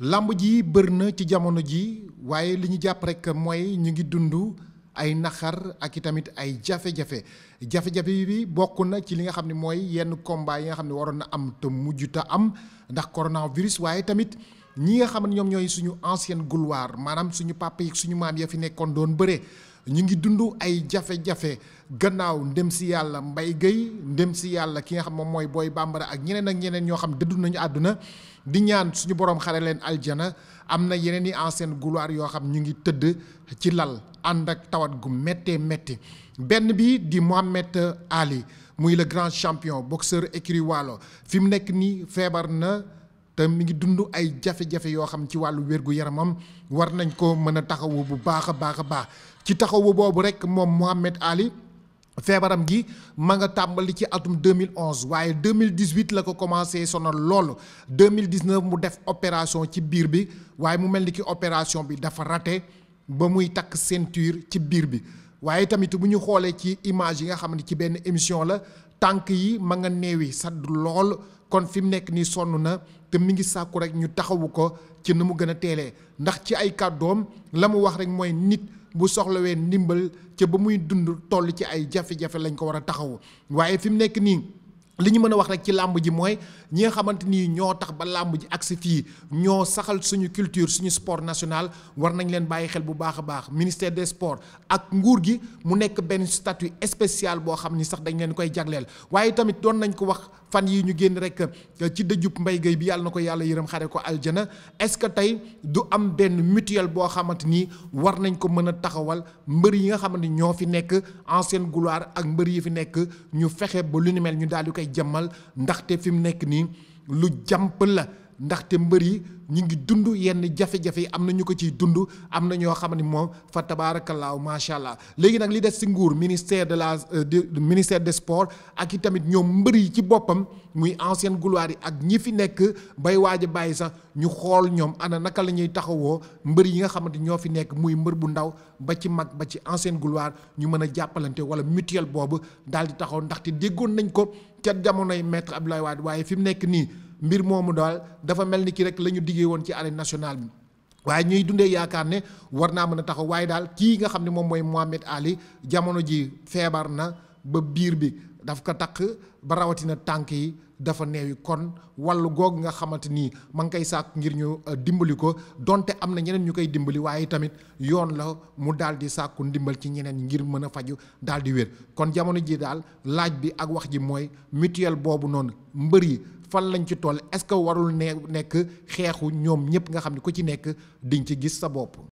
làmb ji bër na ci jamono ji waaye li ñu jàpp rek mooy ñu ngi dund ay naxar ak i tamit ay jafe-jafe jafe-jafe bi bokk na ci li nga xam ne mooy yenn combat yi nga xam ne waroon na am te mujj te am ndax coronavirus waaye tamit. ñi nga xam ne ñoom ñooy suñu ancienne gloire maanaam suñu papa yi suñu maam ya fi nekkoon doon bëre ñu ngi dund ay jafe-jafe gannaaw ndem si yàlla mbay Guèye ndem si yàlla ki nga xam moom mooy booy Bambara ak ñeneen ak ñeneen ñoo xam dëddu nañu àdduna di ñaan suñu borom xare leen aljana am na yeneen i ancienne gloire yoo xam ñu ngi tëdd ci lal ànd ak tawat gu méttee métti benn bi di Mohamed Ali muy le grand champion boxeur écurie Walo fi mu nekk nii feebar na. te mi ngi dund ay jafe-jafe yoo xam ci wàllu wér-gu-yaramam war nañ ko mën a taxawu bu baax a baax a baax ci taxawu boobu rek moom Mohamed Ali feebaram gi ma nga tàmbali ci atum 2011 waaye 2018 la ko commencé sonal loolu 2019 mu def opération ci biir bi waaye mu mel ni ki opération bi dafa rate ba muy takk ceinture ci biir bi waaye tamit bu ñu xoolee ci image yi nga xam ne ci benn émission la tànk yi ma nga néewi sadd lool kon fi mu nekk nii sonn na te mi ngi sàkku rek ñu taxawu ko ci nu mu gën a teelee ndax ci ay kàddoom la mu wax rek mooy nit bu soxlawee ndimbal ci ba muy dund toll ci ay jafe-jafe lañ ko war a taxawu waaye fi mu nekk nii. li ñu mën a wax rek ci làmb ji mooy ñi nga xamante ni ñoo tax ba làmb ji agsi fii ñoo saxal suñu culture suñu sport national war nañ leen bàyyi xel bu baax a baax ministère des sport ak nguur gi mu nekk benn statut spécial boo xam ni sax dañ leen koy jagleel waaye tamit doon nañ ko wax fan yi ñu génn rek euh, ci dëjub mbay gay bi yàlla na ko yàlla yërëm xare ko aljana est-ce que tey du am benn mutuelle boo xamante ni war nañ ko mën a taxawal mbër yi nga xamante ni ñoo fi nekk ancienne gloire ak mbër yi fi nekk ñu fexe ba lu ni mel ñu daal di koy jëmmal ndaxte fi mu nekk nii lu jàmp la ndaxte mbër yi ñu ngi dund yenn jafe-jafe yi am na ñu ko ciy dund am na ñoo xam ne moom fa tabaarakallaahu macha allah léegi nag li des si nguur ministère de la euh, ministère de sport ak i tamit ñoom mbër yi ci boppam muy ancienne gloire yi ak ñi fi nekk bay waaj a bàyyi sax ñu xool ñoom na naka la ñuy taxawoo mbër yi nga xamante ñoo fi nekk muy mbër bu ndaw ba ci mag ba ci ancienne gloire ñu mën a jàppalante wala mutuel boobu daal di taxaw ndaxte déggoon nañ ko ca jamonoy maître Abdoulaye Wade waaye fi mu nekk nii. mbir moomu daal dafa mel ni ki rek la ñu diggee woon ci arène nationale bi. waaye ñuy dundee yaakaar ne war naa mën a taxaw waaye daal kii nga xam ne moom mooy Mohamed Ali jamono ji feebar na ba biir bi daf ko takk ba rawatina tànk yi dafa neewi kon wàllu googu nga xamante ni ma ngi koy sàkk ngir ñu euh, dimbali ko donte am na ñeneen ñu koy dimbali waaye tamit yoon la mu daal di sàkku ndimbal ci ñeneen ngir mën a faju daal di wér kon jamono ji daal laaj bi ak wax ji mooy mutuelle boobu noonu mbër yi fan lañ ci tool est-ce que warul ne nekk xeexu ñoom ñëpp nga xam ne ku ci nekk diñ ci gis sa bopp.